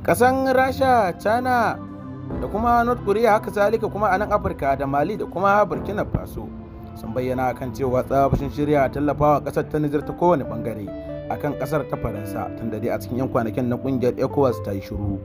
kasan rasha china da kuma north korea haka zalika kuma a nan afirka da mali da kuma burkina faso sun bayyana kan cewa tsabashin shirya tallafawa kasar ta nijar ta kowane bangare akan kasar ta faransa da dai a cikin yan kwanakin na kungiyar ecowas ta yi shiru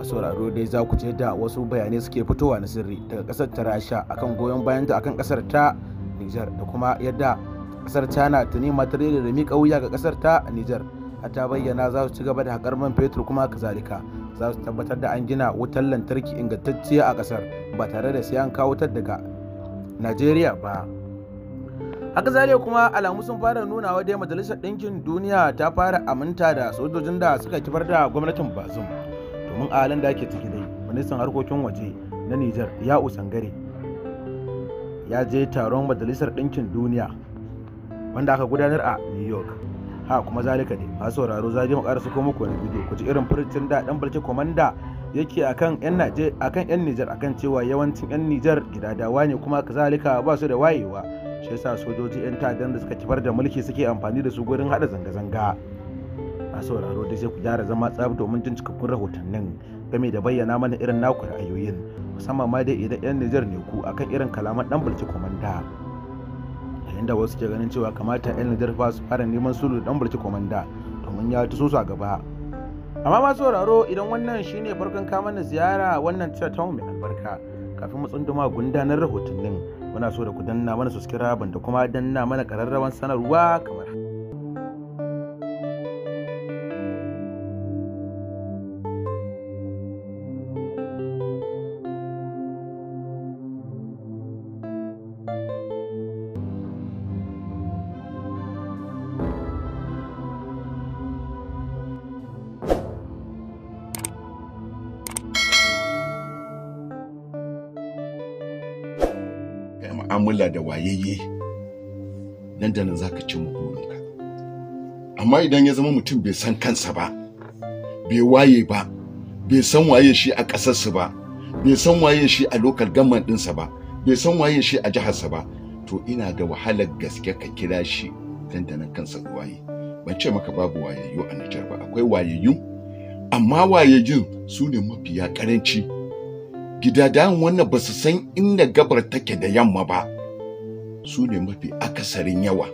a sauraro dai za ku ce da wasu bayanai suke fitowa na sirri daga kasar ta rasha akan goyon bayan ta akan kasar ta nijar da kuma yadda kasar china ta nema ta da mika wuya ga kasar ta nijar har ta bayyana za su ci gaba da haƙar man fetur kuma kazalika za su tabbatar da an gina wutar lantarki ingantacciya a ƙasar ba tare da sai an kawo wutar daga najeriya ba haka zalika kuma alamu sun fara nunawa dai majalisar ɗinkin duniya ta fara aminta da sojojin da suka kifar da gwamnatin bazum domin a halin da ake ciki dai ministan harkokin waje na nijar ya usangare ya je taron majalisar ɗinkin duniya wanda aka gudanar a new york ha kuma zalika ne masu sauraro za mu ƙara sako muku wani bidiyo ku ji irin furcin da dan barke komanda yake akan yan naje akan yan Niger akan cewa yawancin yan Niger dawa ne kuma kazalika ba su da wayewa shi yasa sojoji yan ta'addan da suka kifar da mulki suke amfani da su gurin hada zanga-zanga a sauraro dai sai ku gyara zama tsab domin jin cikakkun rahotannin game da bayyana mana irin naku ra'ayoyin musamman ma dai idan yan Niger ne ku akan irin kalaman dan barke komanda inda wasu ke ganin cewa kamata 'yan Nijar fa su fara neman sulhu dan barci komanda domin ya tuso su a gaba. Amma masu sauraro idan wannan shine farkon kama na ziyara wannan cewa ta mai albarka kafin mu tsunduma gundanar rahotannin muna so da ku danna mana subscribe da kuma danna mana kararrawan sanarwa kamar mu'amala da wayayye nan da nan za ka ci burinka amma idan ya zama mutum bai san kansa ba bai waye ba bai san waye shi a ƙasarsa ba bai san waye shi a lokal gamman ɗinsa ba bai san waye shi a jiharsa ba to ina ga wahalar gaske ka kira shi nan da kansa waye ban ce maka babu wayayyu a Nijar ba akwai wayayyu amma wayayyun su ne mafiya karanci gidadan wannan ba su san inda gabar take da yamma ba su ne mafi akasarin yawa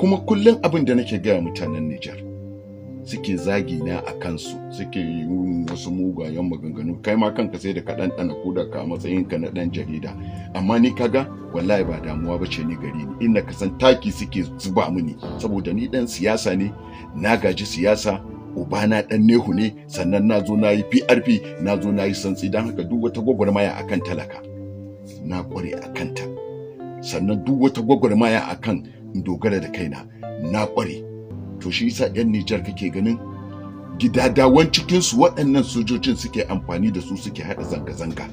kuma kullum abin da nake gaya mutanen Nijar suke zagi na a kansu suke yi wasu mugayen maganganu kai ma kanka sai da ka ɗanɗana ko da ka matsayin ka na ɗan jarida amma ni kaga wallahi ba damuwa ba ce ni gari ni inda ka san taki suke zuba mini saboda ni ɗan siyasa ne na gaji siyasa ubana dan nehu ne sannan na zo na yi PRP na zo na yi santsi don haka duk wata gwagwarmaya akan talaka na kware a kanta sannan duk wata gwagwarmaya akan in dogara da kaina na kware to shi yasa yan Nijar kake ganin gidadawan cikinsu waɗannan sojojin suke amfani da su suke haɗa zanga-zanga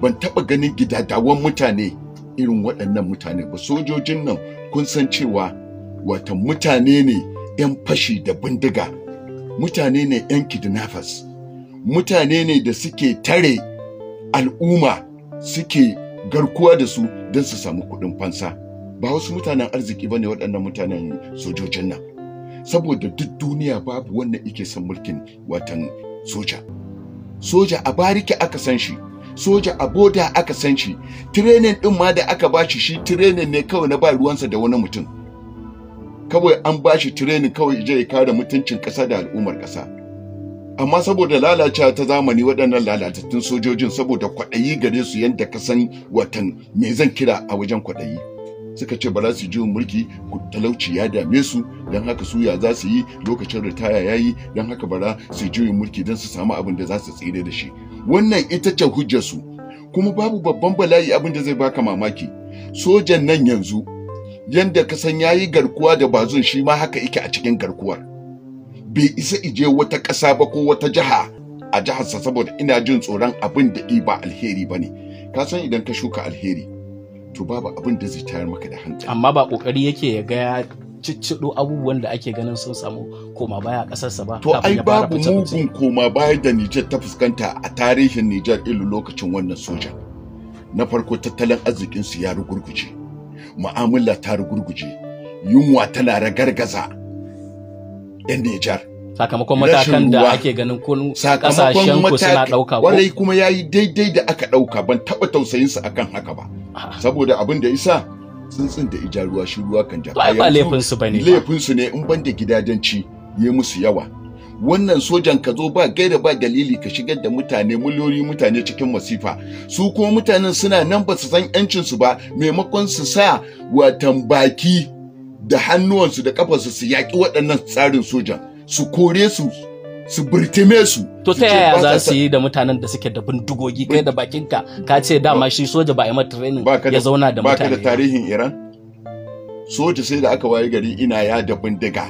ban taɓa ganin gidadawan mutane irin waɗannan mutane ba sojojin nan kun san cewa wata mutane ne 'yan fashi da bindiga mutane ne 'yan kidnappers mutane ne da suke tare al'umma suke garkuwa da su don su samu kuɗin fansa ba wasu mutanen arziki ba ne waɗannan mutanen sojojin nan saboda duk duniya babu wannan ike son mulkin watan soja soja a bariki aka san shi soja a boda aka san shi tirenin ɗin ma da aka bashi shi tirenin ne kawai na ba ruwansa da wani mutum kawai an ba shi tirenin kawai je ya kare mutuncin ƙasa da al'ummar ƙasa amma saboda lalacewa ta zamani waɗannan lalatattun sojojin saboda kwaɗayi gare su yadda ka san watan me zan kira a wajen kwaɗayi suka ce ba za su ji mulki talauci ya dame su don haka su ya za su yi lokacin ritaya ya yi don haka bara su ji mulki don su samu abin da za su tsire da shi wannan ita ce hujjarsu kuma babu babban bala'i abin da zai baka mamaki sojan nan yanzu yanda ka san yayi garkuwa da bazun shi ma haka yake a cikin garkuwar bai isa ije wata ƙasa ba ko wata jiha a jiharsa saboda ina jin tsoron abin da ba alheri ba ne ka san idan ka shuka alheri to babu abin da zai tayar maka da hankali amma ba kokari yake ya ga ciccido abubuwan da ake ganin sun samu koma baya a ƙasarsa ba to ai babu mugun koma baya da Nijar ta fuskanta a tarihin Nijar ilu lokacin wannan soja na farko tattalin arzikinsu ya rugurguje mu'amala ta rugurguje yunwa tana ragargaza yan Nijar. Sakamakon matakan da ake ganin kun kasashen ku suna ɗauka ko? Wallahi kuma ya yi daidai da aka ɗauka ban taɓa su akan haka ba. Saboda abin da isa tsuntsun da ija ruwa shi ruwa kan jaka. Ba su ba ne. su ne in ban da gidajen ci yi musu yawa. wannan sojan ka zo ba gaida ba dalili ka shigar da mutane miliyoyi mutane cikin masifa su kuma mutanen suna nan ba su san yancin su ba maimakon su sa watan baki da hannuwansu da kafarsu su yaƙi waɗannan tsarin sojan su kore su su birtime su to ta yaya za su yi da mutanen da suke da bindigogi kai da bakinka ka ce dama shi soja ba a yi training ya zauna da mutane ba da tarihin iran soja sai da aka waye gari ina ya da bindiga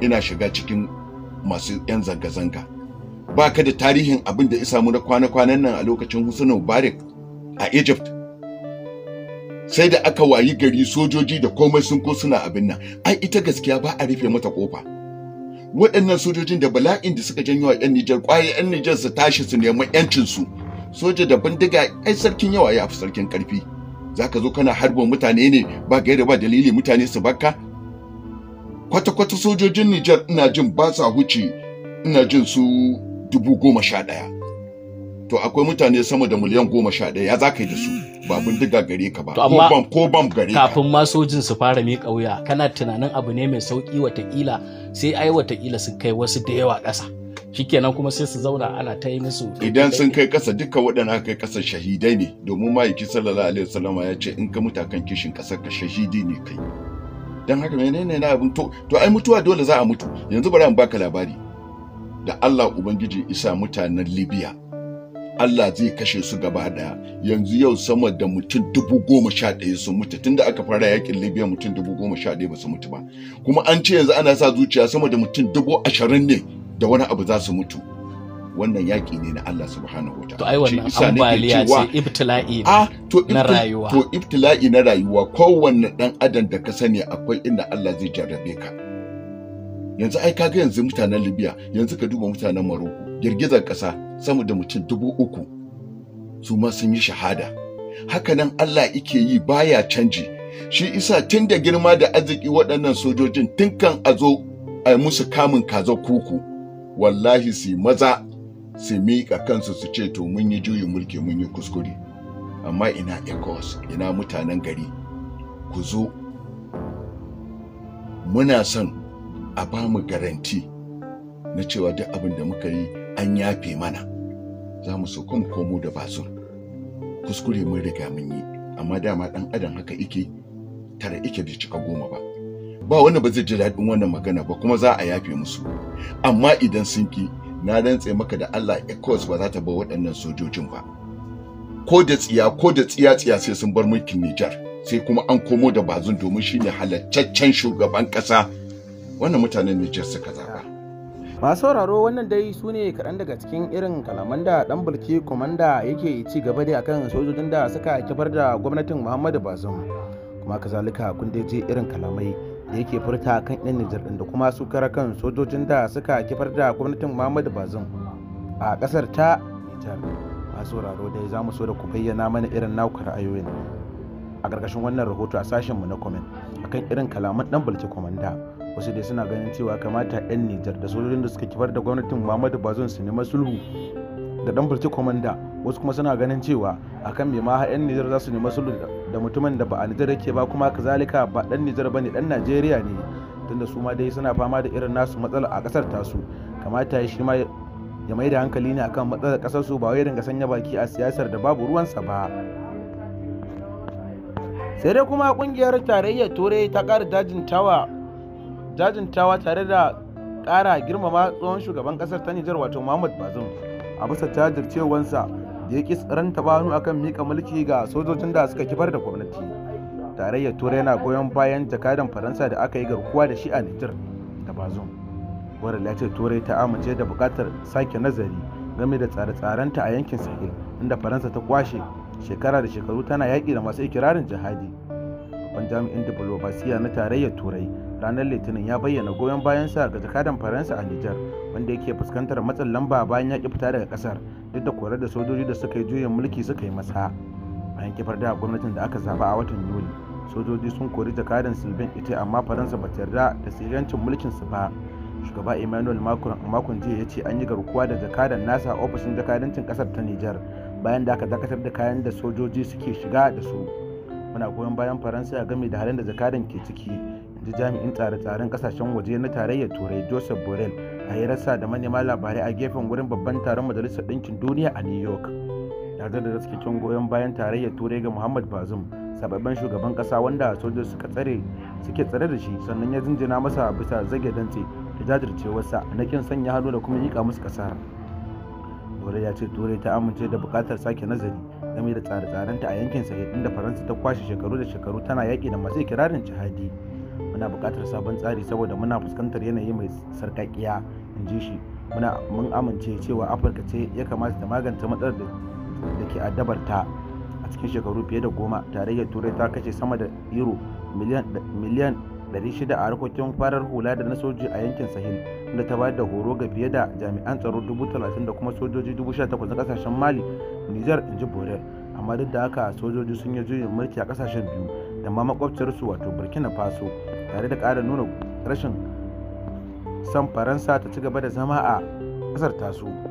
ina shiga cikin masu 'yan zanga-zanga ba ka da tarihin abin da ya samu na kwana-kwanan nan a lokacin Hussein Mubarak a Egypt sai da aka wayi gari sojoji da komai sun ko suna abin nan ai ita gaskiya ba a rufe mata kofa waɗannan sojojin da bala'in da suka janyo a 'yan Nijar kwaye 'yan Nijar su tashi su nemi 'yancin su soja da bindiga ai sarkin yawa ya fi sarkin karfi zaka zo kana harba mutane ne ba gaira ba dalili mutane su bakka kwata-kwata sojojin Nijar ina jin ba sa huce ina jin su dubu goma sha ɗaya. To akwai mutane sama da miliyan goma sha daya ya za ka yi da su ba bindiga gare ka ba ko bam gare ka. Kafin ma sojin su fara miƙa kana tunanin abu ne mai sauƙi watakila sai ai watakila sun kai wasu da yawa ƙasa. Shikenan kuma sai su zauna ana ta yi musu. Idan sun kai ƙasa duka waɗanda kai ƙasa shahidai ne domin ma'aiki sallallahu alaihi wasallama ya ce in ka mutakan kishin ƙasar ka shahidi ne kai. don haka menene na abin to to ai mutuwa dole za a mutu yanzu bari an baka labari da Allah ubangiji isa mutanen Libya Allah zai kashe su gaba daya yanzu yau sama da mutum dubu goma sha ɗaya sun mutu tunda aka fara yakin Libya mutum dubu goma sha ɗaya ba su mutu ba kuma an ce yanzu ana sa zuciya sama da mutum dubu ashirin ne da wani abu za su mutu wannan yaƙi ne na Allah subhanahu wa ta'ala to ai wannan ambaliya ce ibtila'i ne ah, na rayuwa to ibtila'i na rayuwa kowanne dan adam da ka sani akwai inda Allah zai jarrabe ka yanzu ai kaga yanzu mutanen Libya yanzu ka duba mutanen Morocco girgizar ƙasa sama da mutum dubu uku su ma sun yi shahada hakanan Allah yake yi baya canji shi isa tun da girma da arziki waɗannan sojojin tun kan a zo a musu kamun kaza kuku wallahi su maza su miƙa kansu su ce to mun yi juyin mulki mun yi kuskure amma ina ecos ina mutanen gari ku zo muna son a ba mu garanti na cewa duk abin da muka yi an yafe mana za mu so kuma komo da basur kuskure mun riga mun yi amma dama dan adam haka ike tara ike bai cika goma ba ba wanda ba zai ji daɗin wannan magana ba kuma za a yafe musu amma idan sun ki na rantse maka da Allah ecos ba za ta bar waɗannan sojojin ba ko da tsiya ko da tsiya tsiya sai sun bar mulkin Nijar sai kuma an komo da bazun domin shine halattaccen shugaban ƙasa wannan mutanen Nijar suka zaba masu sauraro wannan dai sune ne kaɗan daga cikin irin kalaman da ɗan bulki komanda yake ci gaba da akan sojojin da suka kifar da gwamnatin muhammadu bazum kuma kazalika kun dai irin kalamai da yake furta kan yan nijar da kuma su kara kan sojojin da suka kifar da gwamnatin muhammadu bazum a kasar ta nijar masu sauraro dai za mu so da ku bayyana mana irin naukar ayoyin. a ƙarƙashin wannan rahoto a mu na comment akan irin kalaman dan bulki komanda wasu dai suna ganin cewa kamata 'yan nijar da sojojin da suka kifar da gwamnatin muhammadu bazum su nema sulhu da dan bulki komanda wasu kuma suna ganin cewa akan me ma 'yan nijar za su nema sulhu da mutumin da ba a Nijar yake ba kuma kazalika ba dan Nijar bane dan Najeriya ne tunda su ma dai suna fama da irin nasu matsala a kasar tasu kamata shi ma ya mai da hankali ne akan matsalar kasar su ba wai dinga sanya baki a siyasar da babu ruwansa ba sai dai kuma kungiyar tarayyar turai ta kara dajin tawa tare da kara girmama tsohon shugaban kasar ta Nijar wato Muhammad bazum a bisa jajircewansa da ya ki ranta banu akan mika mulki ga sojojin da suka kifar da gwamnati tarayyar turai yana goyon bayan jakadan faransa da aka yi garkuwa da shi a nijar da bazon. wadda ya turai ta amince da bukatar sake nazari game da tsare-tsarenta a yankin sahel inda faransa ta kwashe shekara da shekaru tana yaƙi da masu ikirarin jihadi zaben jami'in diplomasiya na tarayyar turai ranar litinin ya bayyana goyon bayan sa ga jakadan faransa a nijar wanda yake fuskantar matsin lamba bayan ya fita daga kasar duk da kore da sojoji da suka yi juyin mulki suka yi masa bayan kifar da gwamnatin da aka zaba a watan yuli sojoji sun kori jakadan silvin ita amma faransa ba ta yarda da sirrancin su ba shugaba emmanuel macron a makon jiya ya ce an yi garkuwa da jakadan nasa ofishin jakadancin kasar ta nijar bayan da aka dakatar da kayan da sojoji suke shiga da su muna koyon bayan faransa a game da halin da zakarin ke ciki ji jami'in tsare-tsaren kasashen waje na tarayyar turai joseph borrell a rasa da manema labarai a gefen wurin babban taron majalisar ɗinkin duniya a new york yarda da cin goyon bayan tarayyar turai ga muhammad bazum sababban shugaban kasa wanda sojoji suka tsare suke tsare da shi sannan ya jinjina masa bisa zage dantse da jajircewarsa na kin sanya hannu da kuma yiƙa musu kasa turai ya ce turai ta amince da bukatar sake nazari game da tsare-tsarenta a yankin sahel inda faransa ta kwashe shekaru da shekaru tana yaƙi da masu kirarin jihadi muna buƙatar sabon tsari saboda muna fuskantar yanayi mai sarƙaƙiya in ji shi mun amince cewa afirka ce ya kamata ta magance matsalar da ke addabar ta a cikin shekaru fiye da goma tarayyar turai ta kashe sama da euro miliyan 600 a harkokin farar hula da na soji a yankin sahel inda ta bayar da horo ga fiye da jami'an tsaro 30,000 da kuma sojoji 18,000 na kasashen mali nijar in ji borel amma duk da haka sojoji sun yi juyin mulki a kasashen biyu da ma makwabciyarsu wato burkina faso tare da ƙara nuna rashin san faransa ta ci gaba da zama a ƙasar tasu